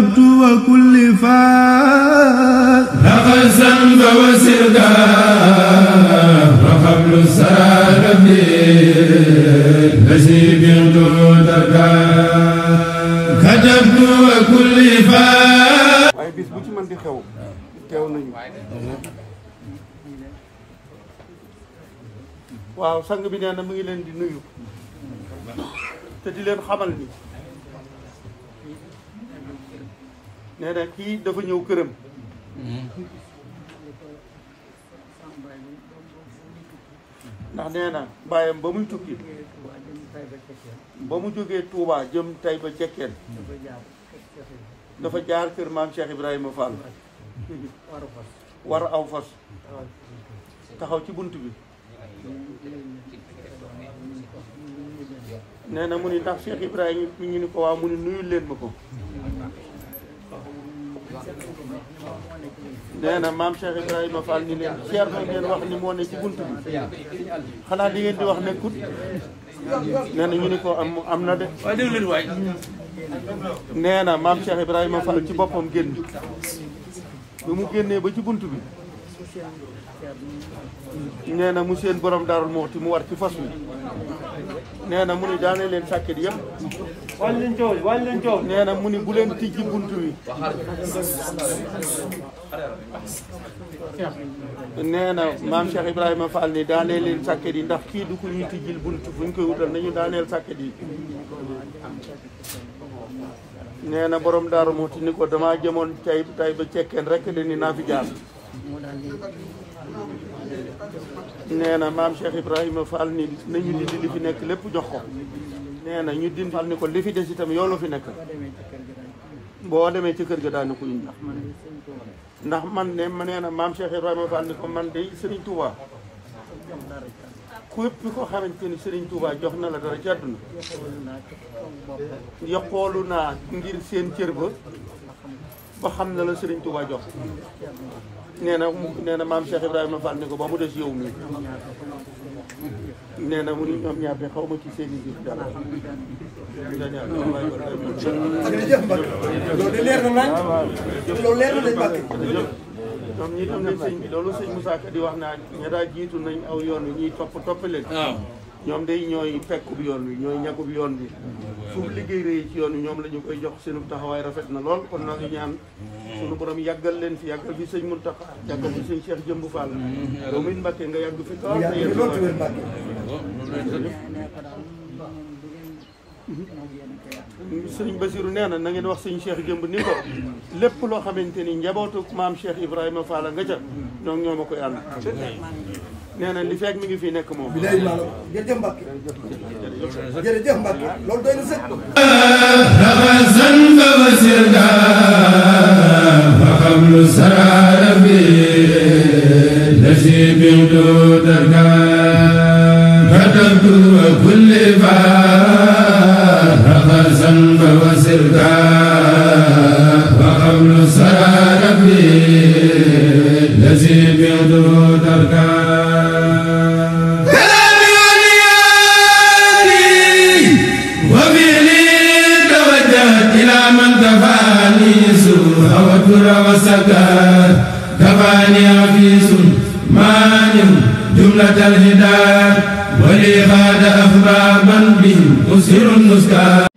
وهبت وكل فاز نفسا فوسردا وقبل السلام الذي بغت تركا كتبت وكل فاز waaye bis bu ci bi nee kii dafa ñëw këram. ndax nee na bàyyam ba muy tukki. ba mu jógee Touba jëm Taïba Cekkeen. dafa jaar kër maam Cheikh Ibrahima Fall. war aw fas. taxaw ci bunt bi. nee na mu ni ndax Cheikh Ibrahima mi ngi ni ko waaw mu ni nuyul leen ma ko. nee maam Cheikh Ibrahima Fall ni leen Thierno ngeen wax ni moo ne ci bunt bi xanaa di ngeen di wax nekkut nee na ñu ni ko am am na de. nee na maam Cheikh Ibrahima Fall ci boppam génn bi mu génnee ba ci bunt bi. nee na mu seen borom daarul moxti mu war ci fas wi nee na mu ni leen sàkket yëpp wàññi leen coow wàññi nee na mu ni bu leen tijji bunt wi nee na maam Cheikh Ibrahima Fall ni daanee leen sàkket yi ndax kii du bunt fu koy wutal nañu daaneel sàkket yi nee na borom daaru moxti ni ko dama jëmoon tay tay ba cekkeen rek de ni naa fi jaar nee na maam Cheikh Ibrahima faal ni nañu dindi li fi nekk lépp jox ko nee na ñu dindi Fall ni ko li fi des itam yoolu fi nekk boo demee ci kër ga daana ko indi ndax man ne ma na maam Cheikh Ibrahima Fall ni ko man de Serigne Touba képp ko xamante ni Serigne jox na la dara ci àdduna yoqoolu naa ngir seen cër ba ba xam ne la Serigne Touba jox nee na nee na maam Cheikh Ibrahima a ni ko ba mu des yow mii nee na mu ni ñoom ñaar de xaw ma ci seen i jëf dara. jërëjëf Mbacke loolu de leer na nañ loolu leer na nañ Mbacke ñoom ñi tam ne sëñ bi loolu sëñ Moussa di wax naa ña daa jiitu nañ aw yoon wi ñuy topp topp leen. ñoom day ñooy pekkub yoon wi ñooy ñàkkub yoon wi fu mm-hmm. liggéey réy ci yoon wi ñoom lañu ñu koy jox seenu taxawaay rafet na lool kon naa ngi ñaan mm-hmm. sunu borom yàggal leen fi yàggal fi sëñ Mountakha yàggal fi sëñ Cheikh Jëmb Fall boo mm-hmm. muy Mbàkke nga yàgg fi kaw na yéen sëñ Basiru nee na na ngeen wax sëñ Cheikh Jëmb ni ko lépp loo xamante ni njabootu maam Cheikh Ibrahima Fall nga ca donc ñoo ma koy ànd nee na li fekk nekk moom. raxasan ba wasir nga fa xam lu saraara bi la fa dabdu wa kulli fa raxasan ba wasir nga fa xam lu saraara bi la وفاني عفيس مانع جملة الهداية ولي غاد أخبابا بهم أسر المسكار